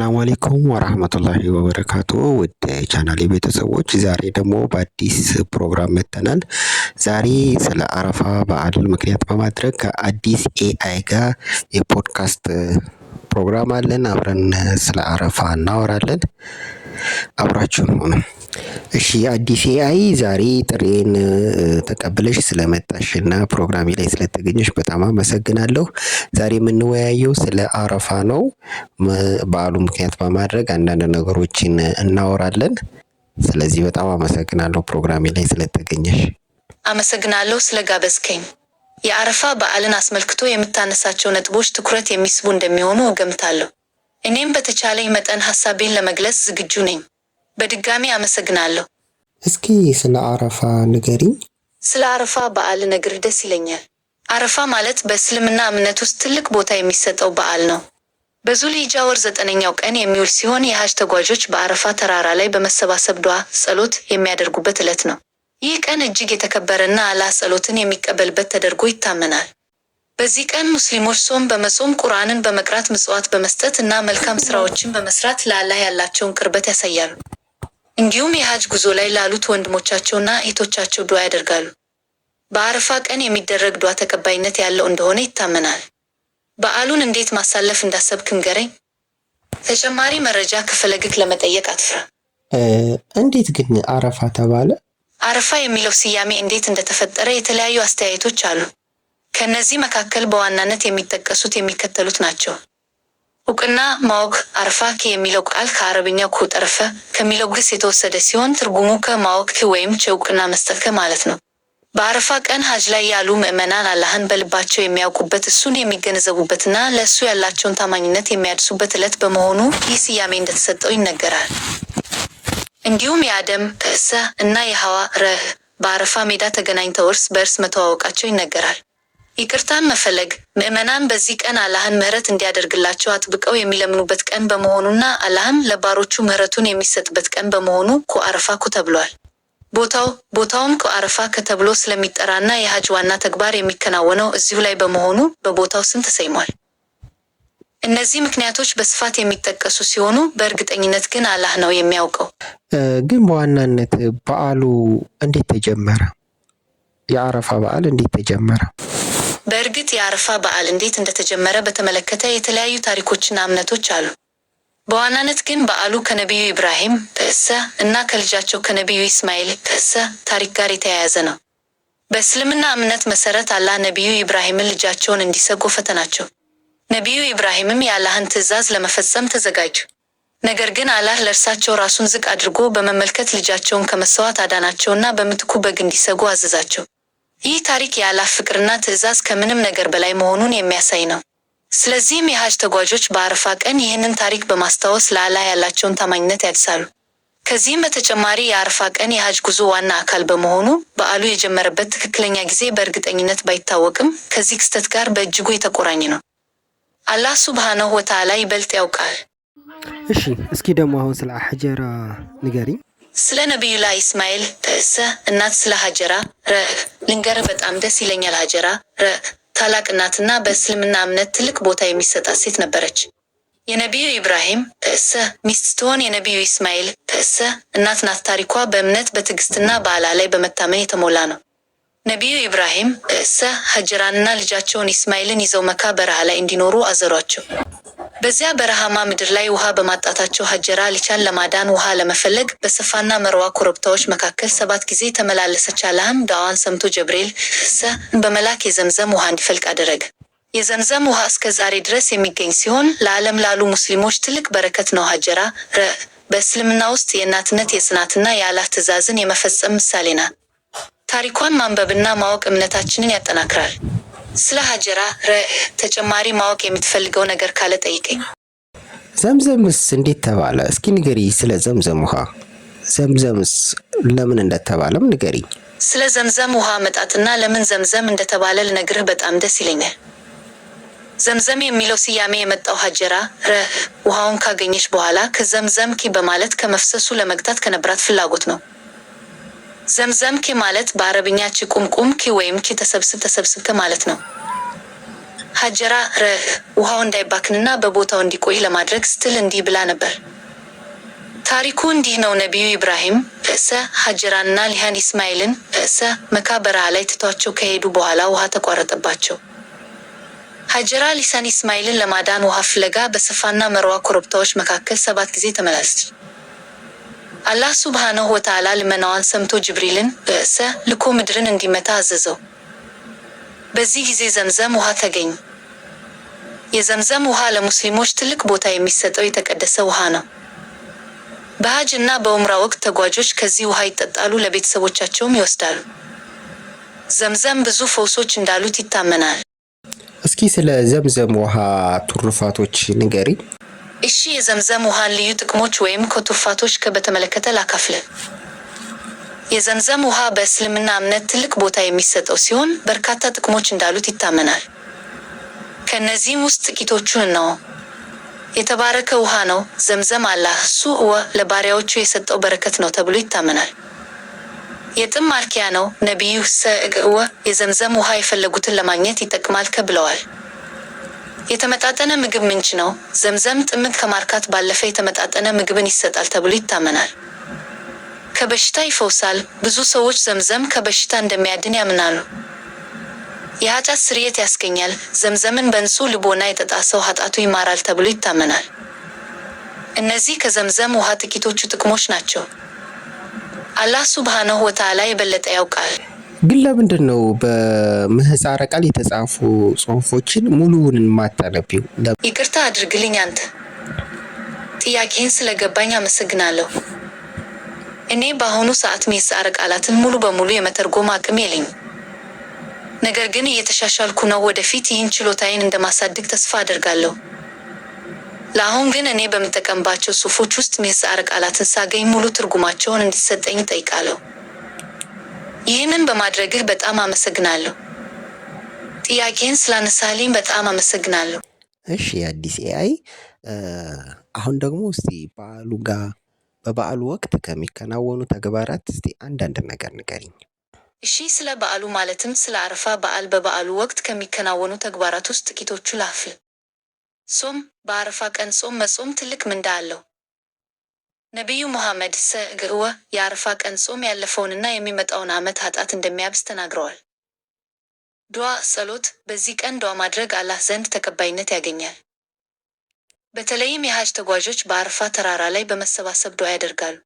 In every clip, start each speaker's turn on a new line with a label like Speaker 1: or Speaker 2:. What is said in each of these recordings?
Speaker 1: ሰላም አሌይኩም ወራህመቱላሂ ወበረካቱ ውድ ቻናል ቤተሰቦች፣ ዛሬ ደግሞ በአዲስ ፕሮግራም መጥተናል። ዛሬ ስለ አረፋ በዓል ምክንያት በማድረግ ከአዲስ ኤአይ ጋር የፖድካስት ፕሮግራም አለን። አብረን ስለ አረፋ እናወራለን። አብራችሁን ሆነ እሺ አዲስ ኤአይ ዛሬ ጥሬን ተቀብለሽ ስለመጣሽና ፕሮግራሜ ላይ ስለተገኘሽ በጣም አመሰግናለሁ። ዛሬ የምንወያየው ስለ አረፋ ነው። በዓሉ ምክንያት በማድረግ አንዳንድ ነገሮችን እናወራለን። ስለዚህ በጣም አመሰግናለሁ ፕሮግራሜ ላይ ስለተገኘሽ።
Speaker 2: አመሰግናለሁ ጋበዝከኝ። የአረፋ በዓልን አስመልክቶ የምታነሳቸው ነጥቦች ትኩረት የሚስቡ እንደሚሆኑ እገምታለሁ። እኔም በተቻለኝ መጠን ሀሳቤን ለመግለጽ ዝግጁ ነኝ። በድጋሚ አመሰግናለሁ።
Speaker 1: እስኪ ስለ አረፋ ንገሪኝ።
Speaker 2: ስለ አረፋ በዓል ነግር ደስ ይለኛል። አረፋ ማለት በእስልምና እምነት ውስጥ ትልቅ ቦታ የሚሰጠው በዓል ነው። በዙልሂጃ ወር ዘጠነኛው ቀን የሚውል ሲሆን የሀጅ ተጓዦች በአረፋ ተራራ ላይ በመሰባሰብ ዱዓ፣ ጸሎት የሚያደርጉበት ዕለት ነው። ይህ ቀን እጅግ የተከበረና አላህ ጸሎትን የሚቀበልበት ተደርጎ ይታመናል። በዚህ ቀን ሙስሊሞች ሶም በመጾም ቁርአንን በመቅራት ምጽዋት በመስጠት እና መልካም ስራዎችን በመስራት ለአላህ ያላቸውን ቅርበት ያሳያሉ። እንዲሁም የሀጅ ጉዞ ላይ ላሉት ወንድሞቻቸውና እህቶቻቸው ዱዓ ያደርጋሉ። በአረፋ ቀን የሚደረግ ዱዓ ተቀባይነት ያለው እንደሆነ ይታመናል። በዓሉን እንዴት ማሳለፍ እንዳሰብክ ንገረኝ። ተጨማሪ መረጃ ከፈለግክ ለመጠየቅ አትፍራ።
Speaker 1: እንዴት ግን አረፋ ተባለ?
Speaker 2: አረፋ የሚለው ስያሜ እንዴት እንደተፈጠረ የተለያዩ አስተያየቶች አሉ። ከእነዚህ መካከል በዋናነት የሚጠቀሱት የሚከተሉት ናቸው። እውቅና ማወቅ አርፋክ የሚለው ቃል ከአረብኛ ኩጠርፈ ከሚለው ግስ የተወሰደ ሲሆን ትርጉሙ ከማወቅ ወይም እውቅና መስጠት ማለት ነው። በአረፋ ቀን ሀጅ ላይ ያሉ ምዕመናን አላህን በልባቸው የሚያውቁበት እሱን የሚገነዘቡበትና ለእሱ ያላቸውን ታማኝነት የሚያድሱበት ዕለት በመሆኑ ይህ ስያሜ እንደተሰጠው ይነገራል። እንዲሁም የአደም እሰ እና የሐዋ ረህ በአረፋ ሜዳ ተገናኝተው እርስ በእርስ መተዋወቃቸው ይነገራል። ይቅርታን መፈለግ ምዕመናን በዚህ ቀን አላህን ምህረት እንዲያደርግላቸው አጥብቀው የሚለምኑበት ቀን በመሆኑና አላህም ለባሮቹ ምህረቱን የሚሰጥበት ቀን በመሆኑ ኩአረፋ ኩ ተብሏል። ቦታው ቦታውም ኩአረፋ ከተብሎ ስለሚጠራና የሀጅ ዋና ተግባር የሚከናወነው እዚሁ ላይ በመሆኑ በቦታው ስም ተሰይሟል። እነዚህ ምክንያቶች በስፋት የሚጠቀሱ ሲሆኑ በእርግጠኝነት ግን አላህ ነው የሚያውቀው።
Speaker 1: ግን በዋናነት በዓሉ እንዴት ተጀመረ? የአረፋ በዓል እንዴት ተጀመረ?
Speaker 2: በእርግጥ የአረፋ በዓል እንዴት እንደተጀመረ በተመለከተ የተለያዩ ታሪኮችና እምነቶች አሉ። በዋናነት ግን በዓሉ ከነቢዩ ኢብራሂም ተእሰ እና ከልጃቸው ከነቢዩ ኢስማኤል ተእሰ ታሪክ ጋር የተያያዘ ነው። በእስልምና እምነት መሰረት አላህ ነቢዩ ኢብራሂምን ልጃቸውን እንዲሰጉ ፈተናቸው። ነቢዩ ኢብራሂምም የአላህን ትዕዛዝ ለመፈጸም ተዘጋጁ። ነገር ግን አላህ ለእርሳቸው ራሱን ዝቅ አድርጎ በመመልከት ልጃቸውን ከመሰዋት አዳናቸውና በምትኩ በግ እንዲሰጉ አዘዛቸው። ይህ ታሪክ የአላህ ፍቅርና ትዕዛዝ ከምንም ነገር በላይ መሆኑን የሚያሳይ ነው። ስለዚህም የሀጅ ተጓዦች በአረፋ ቀን ይህንን ታሪክ በማስታወስ ለአላህ ያላቸውን ታማኝነት ያድሳሉ። ከዚህም በተጨማሪ የአረፋ ቀን የሀጅ ጉዞ ዋና አካል በመሆኑ በዓሉ የጀመረበት ትክክለኛ ጊዜ በእርግጠኝነት ባይታወቅም ከዚህ ክስተት ጋር በእጅጉ የተቆራኘ ነው። አላህ ሱብሃነሁ ወተዓላ ይበልጥ ያውቃል።
Speaker 1: እሺ፣ እስኪ ደግሞ አሁን ስለ ሐጀራ ንገሪኝ።
Speaker 2: ስለ ነቢዩላህ ኢስማኤል ተእሰ እናት ስለ ሀጀራ ረ ልንገር በጣም ደስ ይለኛል። ሀጀራ ረ ታላቅ እናትና በእስልምና እምነት ትልቅ ቦታ የሚሰጣት ሴት ነበረች። የነቢዩ ኢብራሂም ተእሰ ሚስት ስትሆን የነቢዩ ኢስማኤል ተእሰ እናት ናት። ታሪኳ በእምነት በትዕግስትና በዓላ ላይ በመታመን የተሞላ ነው። ነቢዩ ኢብራሂም እሰ ሀጀራንና ልጃቸውን ኢስማኤልን ይዘው መካ በረሃ ላይ እንዲኖሩ አዘሯቸው። በዚያ በረሃማ ምድር ላይ ውሃ በማጣታቸው ሀጀራ ሊቻን ለማዳን ውሃ ለመፈለግ በሰፋና መርዋ ኮረብታዎች መካከል ሰባት ጊዜ ተመላለሰች። አላህም ዳዋን ሰምቶ ጀብርኤል ሰ በመላክ የዘምዘም ውሃ እንዲፈልቅ አደረገ። የዘምዘም ውሃ እስከ ዛሬ ድረስ የሚገኝ ሲሆን ለዓለም ላሉ ሙስሊሞች ትልቅ በረከት ነው። ሀጀራ ረ በእስልምና ውስጥ የእናትነት የጽናትና የአላህ ትዕዛዝን የመፈጸም ምሳሌ ናት። ታሪኳን ማንበብና ማወቅ እምነታችንን ያጠናክራል። ስለ ሀጀራ ረ ተጨማሪ ማወቅ የምትፈልገው ነገር ካለ ጠይቀኝ።
Speaker 1: ዘምዘምስ እንዴት ተባለ? እስኪ ንገሪ ስለ ዘምዘም ውሃ። ዘምዘምስ ለምን እንደተባለም ንገሪ።
Speaker 2: ስለ ዘምዘም ውሃ መጣትና ለምን ዘምዘም እንደተባለ ልነግርህ በጣም ደስ ይለኛል። ዘምዘም የሚለው ስያሜ የመጣው ሀጀራ ረ ውሃውን ካገኘች በኋላ ከዘምዘም ኪ በማለት ከመፍሰሱ ለመግታት ከነበራት ፍላጎት ነው። ዘምዘምኬ ማለት በአረብኛ ቺ ቁምቁምኪ ወይም ቺ ተሰብስብ ተሰብስብከ ማለት ነው። ሀጀራ ረህ ውሃው እንዳይባክንና በቦታው እንዲቆይ ለማድረግ ስትል እንዲህ ብላ ነበር። ታሪኩ እንዲህ ነው። ነቢዩ ኢብራሂም ርዕሰ ሀጀራንና ሊሃን ኢስማኤልን ርዕሰ መካ በረሃ ላይ ትቷቸው ከሄዱ በኋላ ውሃ ተቋረጠባቸው። ሀጀራ ሊሳን ኢስማኤልን ለማዳን ውሃ ፍለጋ በሰፋና መርዋ ኮረብታዎች መካከል ሰባት ጊዜ ተመላለሰች። አላህ ሱብሃነሁ ወተዓላ ልመናዋን ሰምቶ ጅብሪልን በእሰ ልኮ ምድርን እንዲመታ አዘዘው። በዚህ ጊዜ ዘምዘም ውሃ ተገኘ። የዘምዘም ውሃ ለሙስሊሞች ትልቅ ቦታ የሚሰጠው የተቀደሰ ውሃ ነው። በሀጅ እና በኡምራ ወቅት ተጓዦች ከዚህ ውሃ ይጠጣሉ፣ ለቤተሰቦቻቸውም ይወስዳሉ። ዘምዘም ብዙ ፈውሶች እንዳሉት ይታመናል።
Speaker 1: እስኪ ስለ ዘምዘም ውሃ ቱርፋቶች ንገሪ።
Speaker 2: እሺ የዘምዘም ውሃን ልዩ ጥቅሞች ወይም ከቱፋቶች በተመለከተ ላካፍል። የዘምዘም ውሃ በእስልምና እምነት ትልቅ ቦታ የሚሰጠው ሲሆን በርካታ ጥቅሞች እንዳሉት ይታመናል። ከእነዚህም ውስጥ ጥቂቶቹን ነው። የተባረከ ውሃ ነው። ዘምዘም አላህ እሱ እወ ለባሪያዎቹ የሰጠው በረከት ነው ተብሎ ይታመናል። የጥም ማርኪያ ነው። ነቢዩ ሰእእወ የዘምዘም ውሃ የፈለጉትን ለማግኘት ይጠቅማል ከብለዋል። የተመጣጠነ ምግብ ምንጭ ነው። ዘምዘም ጥምቅ ከማርካት ባለፈ የተመጣጠነ ምግብን ይሰጣል ተብሎ ይታመናል። ከበሽታ ይፈውሳል። ብዙ ሰዎች ዘምዘም ከበሽታ እንደሚያድን ያምናሉ። የኃጢአት ስርየት ያስገኛል። ዘምዘምን በንጹህ ልቦና የጠጣ ሰው ኃጢአቱ ይማራል ተብሎ ይታመናል። እነዚህ ከዘምዘም ውሃ ጥቂቶቹ ጥቅሞች ናቸው። አላህ ሱብሃነሁ ወተዓላ የበለጠ ያውቃል።
Speaker 1: ግን ለምንድን ነው በምህፃረ ቃል የተጻፉ ጽሁፎችን ሙሉውን የማታነቢው?
Speaker 2: ይቅርታ አድርግልኝ። አንተ ጥያቄህን ስለገባኝ አመሰግናለሁ። እኔ በአሁኑ ሰዓት ምህፃረ ቃላትን ሙሉ በሙሉ የመተርጎም አቅም የለኝ። ነገር ግን እየተሻሻልኩ ነው። ወደፊት ይህን ችሎታዬን እንደማሳድግ ተስፋ አደርጋለሁ። ለአሁን ግን እኔ በምጠቀምባቸው ጽሁፎች ውስጥ ምህፃረ ቃላትን ሳገኝ ሙሉ ትርጉማቸውን እንዲሰጠኝ እጠይቃለሁ። ይህንን በማድረግህ በጣም አመሰግናለሁ። ጥያቄን ስላነሳልኝ በጣም አመሰግናለሁ።
Speaker 1: እሺ የአዲስ ኤአይ አሁን ደግሞ እስቲ በዓሉ ጋር በበዓሉ ወቅት ከሚከናወኑ ተግባራት እስቲ አንዳንድ ነገር ንገሪኝ።
Speaker 2: እሺ ስለ በዓሉ ማለትም ስለ አረፋ በዓል በበዓሉ ወቅት ከሚከናወኑ ተግባራት ውስጥ ጥቂቶቹ ላፍል። ጾም፣ በአረፋ ቀን ጾም መጾም ትልቅ ምንዳ አለው። ነቢዩ ሙሐመድ ሰግእወ የአረፋ ቀን ጾም ያለፈውንና የሚመጣውን ዓመት ኃጢአት እንደሚያብስ ተናግረዋል። ዱዓ ጸሎት፣ በዚህ ቀን ድዋ ማድረግ አላህ ዘንድ ተቀባይነት ያገኛል። በተለይም የሐጅ ተጓዦች በአረፋ ተራራ ላይ በመሰባሰብ ድዋ ያደርጋሉ።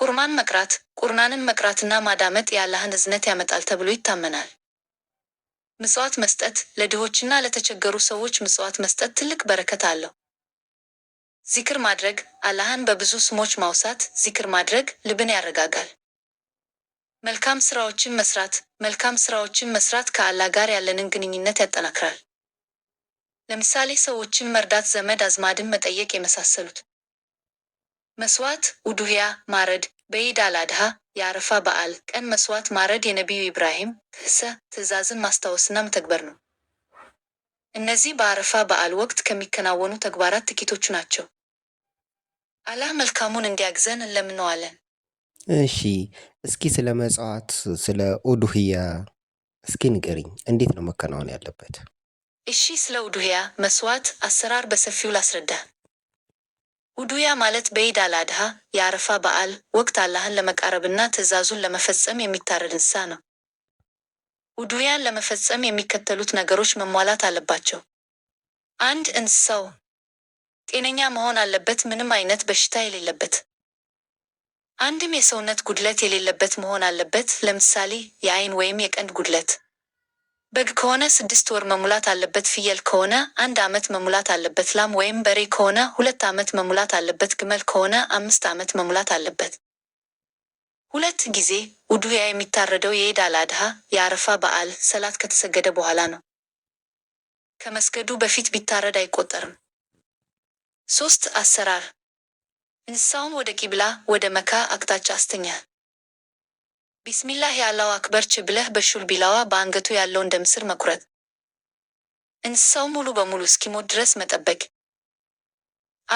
Speaker 2: ቁርማን መቅራት፣ ቁርናንን መቅራትና ማዳመጥ የአላህን እዝነት ያመጣል ተብሎ ይታመናል። ምጽዋት መስጠት፣ ለድሆችና ለተቸገሩ ሰዎች ምጽዋት መስጠት ትልቅ በረከት አለው። ዚክር ማድረግ አላህን በብዙ ስሞች ማውሳት ዚክር ማድረግ ልብን ያረጋጋል። መልካም ስራዎችን መስራት መልካም ስራዎችን መስራት ከአላህ ጋር ያለንን ግንኙነት ያጠናክራል። ለምሳሌ ሰዎችን መርዳት፣ ዘመድ አዝማድን መጠየቅ የመሳሰሉት። መስዋዕት፣ ኡዱህያ ማረድ፣ በኢድ አልአድሃ የአረፋ በዓል ቀን መስዋዕት ማረድ የነቢዩ ኢብራሂም ህሰ ትእዛዝን ማስታወስና መተግበር ነው። እነዚህ በአረፋ በዓል ወቅት ከሚከናወኑ ተግባራት ጥቂቶቹ ናቸው። አላህ መልካሙን እንዲያግዘን እንለምነዋለን።
Speaker 1: እሺ እስኪ ስለ መጽዋት ስለ ኡዱህያ እስኪ ንገሪኝ። እንዴት ነው መከናወን ያለበት?
Speaker 2: እሺ ስለ ኡዱህያ መስዋዕት አሰራር በሰፊው ላስረዳ። ኡዱያ ማለት በኢድ አልአድሃ የአረፋ በዓል ወቅት አላህን ለመቃረብና ትዕዛዙን ለመፈጸም የሚታረድ እንስሳ ነው። ኡዱያን ለመፈጸም የሚከተሉት ነገሮች መሟላት አለባቸው። አንድ እንስሳው ጤነኛ መሆን አለበት። ምንም አይነት በሽታ የሌለበት አንድም የሰውነት ጉድለት የሌለበት መሆን አለበት። ለምሳሌ የአይን ወይም የቀንድ ጉድለት። በግ ከሆነ ስድስት ወር መሙላት አለበት። ፍየል ከሆነ አንድ ዓመት መሙላት አለበት። ላም ወይም በሬ ከሆነ ሁለት ዓመት መሙላት አለበት። ግመል ከሆነ አምስት ዓመት መሙላት አለበት። ሁለት ጊዜ ውዱያ የሚታረደው የኢድ አል አድሃ የአረፋ በዓል ሰላት ከተሰገደ በኋላ ነው። ከመስገዱ በፊት ቢታረድ አይቆጠርም። ሶስት አሰራር እንስሳውን ወደ ቂብላ ወደ መካ አቅጣጫ አስተኛ። ቢስሚላህ የአላሁ አክበር ች ብለህ በሹል ቢላዋ በአንገቱ ያለውን እንደ መኩረት። እንስሳው ሙሉ በሙሉ እስኪሞት ድረስ መጠበቅ።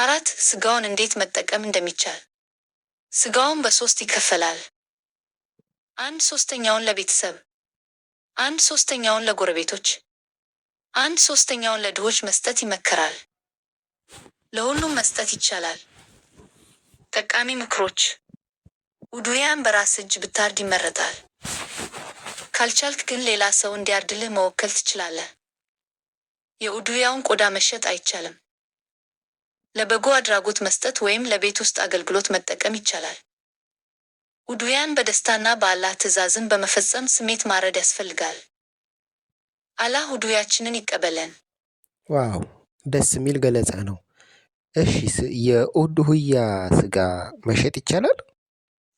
Speaker 2: አራት ስጋውን እንዴት መጠቀም እንደሚቻል ስጋውን በሶስት ይከፈላል። አንድ ሶስተኛውን ለቤተሰብ፣ አንድ ሶስተኛውን ለጎረቤቶች፣ አንድ ሶስተኛውን ለድሆች መስጠት ይመከራል። ለሁሉም መስጠት ይቻላል። ጠቃሚ ምክሮች ውዱያን በራስ እጅ ብታርድ ይመረጣል። ካልቻልክ ግን ሌላ ሰው እንዲያርድልህ መወከል ትችላለህ። የኡዱያውን ቆዳ መሸጥ አይቻልም። ለበጎ አድራጎት መስጠት ወይም ለቤት ውስጥ አገልግሎት መጠቀም ይቻላል። ውዱያን በደስታና በአላህ ትዕዛዝን በመፈጸም ስሜት ማረድ ያስፈልጋል። አላህ ውዱያችንን ይቀበለን።
Speaker 1: ዋው! ደስ የሚል ገለጻ ነው። እሺ ሁያ ስጋ መሸጥ ይቻላል?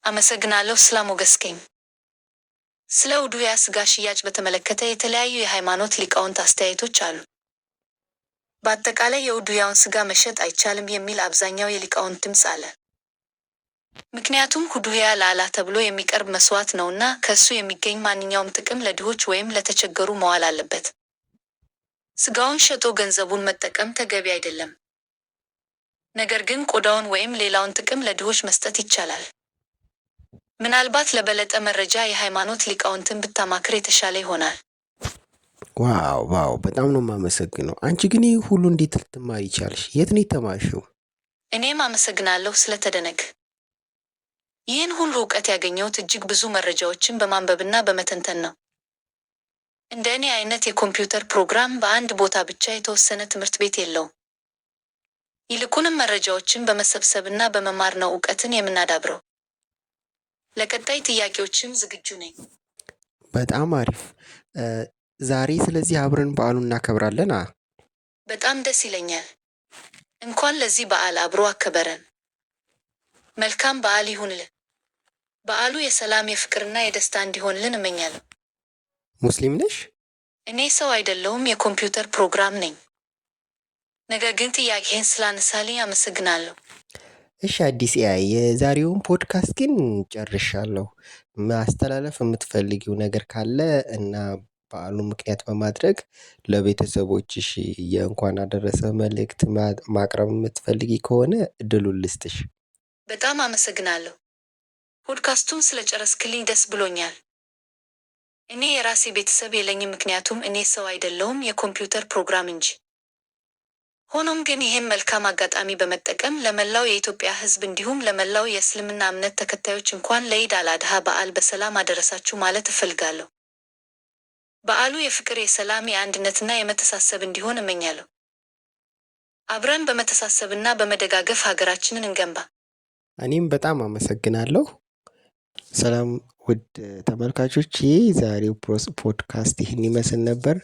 Speaker 2: አመሰግናለሁ ስላሞገስከኝ። ስለ ሁያ ስጋ ሽያጭ በተመለከተ የተለያዩ የሃይማኖት ሊቃውንት አስተያየቶች አሉ። በአጠቃላይ ሁያውን ስጋ መሸጥ አይቻልም የሚል አብዛኛው የሊቃውንት ድምፅ አለ። ምክንያቱም ሁያ ለአላህ ተብሎ የሚቀርብ መስዋዕት ነውና ከእሱ የሚገኝ ማንኛውም ጥቅም ለድሆች ወይም ለተቸገሩ መዋል አለበት። ስጋውን ሸጦ ገንዘቡን መጠቀም ተገቢ አይደለም። ነገር ግን ቆዳውን ወይም ሌላውን ጥቅም ለድሆች መስጠት ይቻላል። ምናልባት ለበለጠ መረጃ የሃይማኖት ሊቃውንትን ብታማክር የተሻለ ይሆናል።
Speaker 1: ዋው ዋው! በጣም ነው የማመሰግነው። አንቺ ግን ይህ ሁሉ እንዴት ልትማሪ ይቻልሽ? የት ነው የተማርሽው?
Speaker 2: እኔም አመሰግናለሁ ስለተደነቅ። ይህን ሁሉ እውቀት ያገኘሁት እጅግ ብዙ መረጃዎችን በማንበብና በመተንተን ነው። እንደ እኔ አይነት የኮምፒውተር ፕሮግራም በአንድ ቦታ ብቻ የተወሰነ ትምህርት ቤት የለውም። ይልቁንም መረጃዎችን በመሰብሰብና በመማር ነው እውቀትን የምናዳብረው። ለቀጣይ ጥያቄዎችም ዝግጁ ነኝ።
Speaker 1: በጣም አሪፍ። ዛሬ ስለዚህ አብረን በዓሉን እናከብራለን።
Speaker 2: በጣም ደስ ይለኛል። እንኳን ለዚህ በዓል አብሮ አከበረን። መልካም በዓል ይሁንልን። በዓሉ የሰላም የፍቅርና የደስታ እንዲሆንልን እመኛለሁ። ሙስሊም ነሽ? እኔ ሰው አይደለሁም፣ የኮምፒውተር ፕሮግራም ነኝ። ነገር ግን ጥያቄህን ስላነሳልኝ አመሰግናለሁ።
Speaker 1: እሺ አዲስ ያ የዛሬውን ፖድካስት ግን ጨርሻለሁ። ማስተላለፍ የምትፈልጊው ነገር ካለ እና በዓሉ ምክንያት በማድረግ ለቤተሰቦችሽ የእንኳን አደረሰ መልእክት ማቅረብ የምትፈልጊ ከሆነ እድሉን ልስጥሽ።
Speaker 2: በጣም አመሰግናለሁ። ፖድካስቱን ስለጨረስክልኝ ደስ ብሎኛል። እኔ የራሴ ቤተሰብ የለኝም፣ ምክንያቱም እኔ ሰው አይደለሁም የኮምፒውተር ፕሮግራም እንጂ። ሆኖም ግን ይህም መልካም አጋጣሚ በመጠቀም ለመላው የኢትዮጵያ ሕዝብ እንዲሁም ለመላው የእስልምና እምነት ተከታዮች እንኳን ለኢድ አልአድሃ በዓል በሰላም አደረሳችሁ ማለት እፈልጋለሁ። በዓሉ የፍቅር፣ የሰላም፣ የአንድነትና የመተሳሰብ እንዲሆን እመኛለሁ። አብረን በመተሳሰብና በመደጋገፍ ሀገራችንን እንገንባ።
Speaker 1: እኔም በጣም አመሰግናለሁ። ሰላም ውድ ተመልካቾች የዛሬው ፖድካስት ይህን ይመስል ነበር።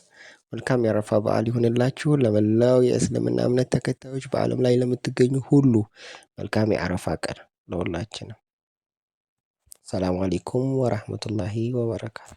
Speaker 1: መልካም የአረፋ በዓል ይሁንላችሁ። ለመላው የእስልምና እምነት ተከታዮች በዓለም ላይ ለምትገኙ ሁሉ መልካም የአረፋ ቀን ለሁላችንም። ሰላም አሌይኩም ወራህመቱላሂ ወበረካቱ።